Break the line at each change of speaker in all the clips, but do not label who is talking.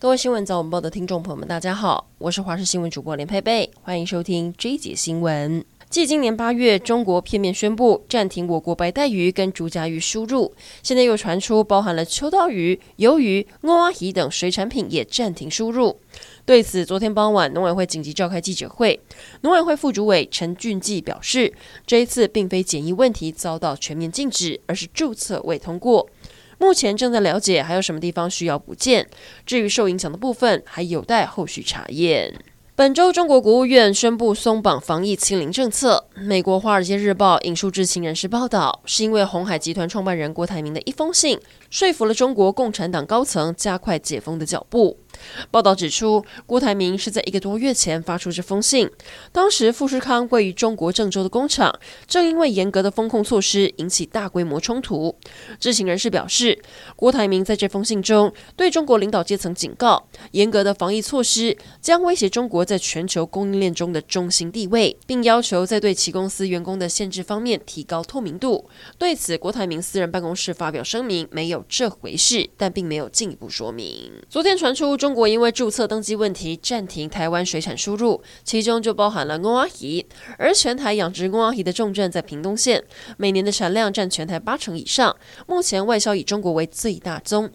各位新聞早晚報的聽眾朋友們，大家好，我是華視新聞主播連佩佩，歡迎收聽這一節新聞。繼今年八月中國片面宣布暫停我國白帶魚跟竹筴魚輸入，現在又傳出包含了秋刀魚、魷魚、墨阿魚等水產品也暫停輸入。對此，昨天傍晚農委會緊急召開記者會，農委會副主委陳駿季表示，這一次並非檢疫問題遭到全面禁止，而是註冊未通過。目前正在了解還有什麼地方需要補件，至於受影響的部分，還有待後續查驗。本周，中國國務院宣布鬆綁防疫清零政策。美國《華爾街日報》引述知情人士報道是因為鴻海集團創辦人郭台銘的一封信，說服了中國共產黨高層加快解封的腳步。報道指出，郭台銘是在一個多月前發出這封信。當時，富士康位於中國鄭州的工廠，正因為嚴格的封控措施，引起大規模衝突。知情人士表示，郭台銘在這封信中對中國領導階層警告，嚴格的防疫措施將威脅中國在全球供應鏈中的中心地位，並要求在對其公司員工的限制方面提高透明度。對此，郭台銘私人辦公室發表聲明，沒有這回事，但並沒有進一步說明。昨天傳出中。中國因為註冊登記問題暫停台灣水產輸入，其中就包含了午仔魚。而全台養殖午仔魚的重鎮在屏東縣，每年的產量占全台八成以上。目前外銷以中國為最大宗。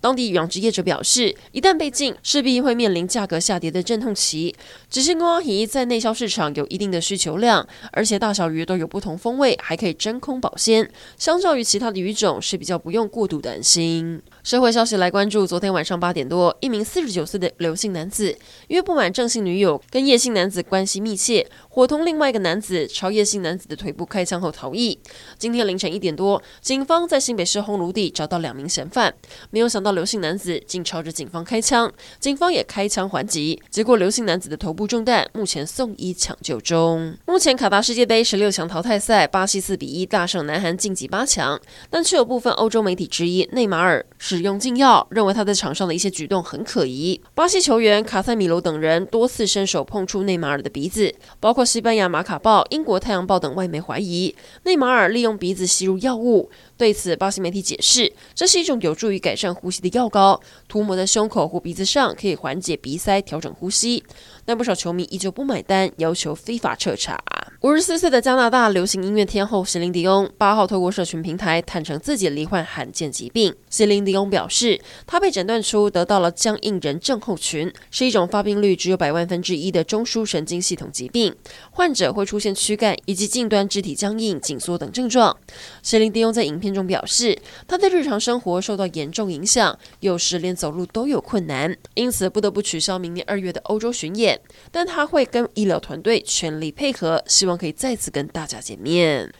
當地養殖業者表示，一旦被禁，勢必會面臨價格下跌的陣痛期。只是午仔魚在內銷市場有一定的需求量，而且大小魚都有不同風味，還可以真空保鮮。相較於其他的魚種，是比較不用過度擔心。社會消息來關注：昨天晚上八點多，一名四十九歲的劉姓男子，約不滿鄭姓女友跟葉姓男子關係密切，夥同另外一個男子朝葉姓男子的腿部開槍後逃逸。今天凌晨一點多，警方在新北市烘爐地找到兩名嫌犯，沒有想到。到劉姓男子竟朝着警方開槍，警方也開槍還擊，結果劉姓男子的頭部中彈，目前送醫搶救中。目前卡達世界杯十六強淘汰賽，巴西四比一大勝南韓晉級八強，但卻有部分歐洲媒體質疑內馬爾使用禁藥，認為他在場上的一些舉動很可疑。巴西球員卡塞米羅等人多次伸手碰觸內馬爾的鼻子，包括西班牙《馬卡報》、英國《太陽報》等外媒懷疑內馬爾利用鼻子吸入藥物。對此，巴西媒體解釋，這是一種有助於改善呼吸的藥膏塗抹在胸口或鼻子上，可以緩解鼻塞、調整呼吸。但不少球迷依舊不買單，要求非法徹查。五十四歲的加拿大流行音樂天后席琳·迪翁八號透過社群平台坦承自己罹患罕見疾病。席琳·迪翁表示，她被診斷出得到了僵硬人症候群，是一種發病率只有百萬分之一的中樞神經系統疾病，患者會出現軀幹以及近端肢體僵硬、緊縮等症狀。席琳·迪翁在影片中表示，她的日常生活受到嚴重影響，有時連走路都有困難，因此不得不取消明年二月的歐洲巡演。但她會跟醫療團隊全力配合，希望。可以再次跟大家見面。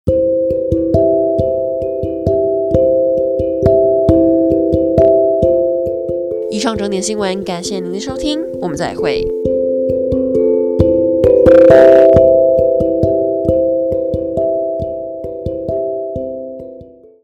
以上整點新聞，感謝您的收聽，我們再會。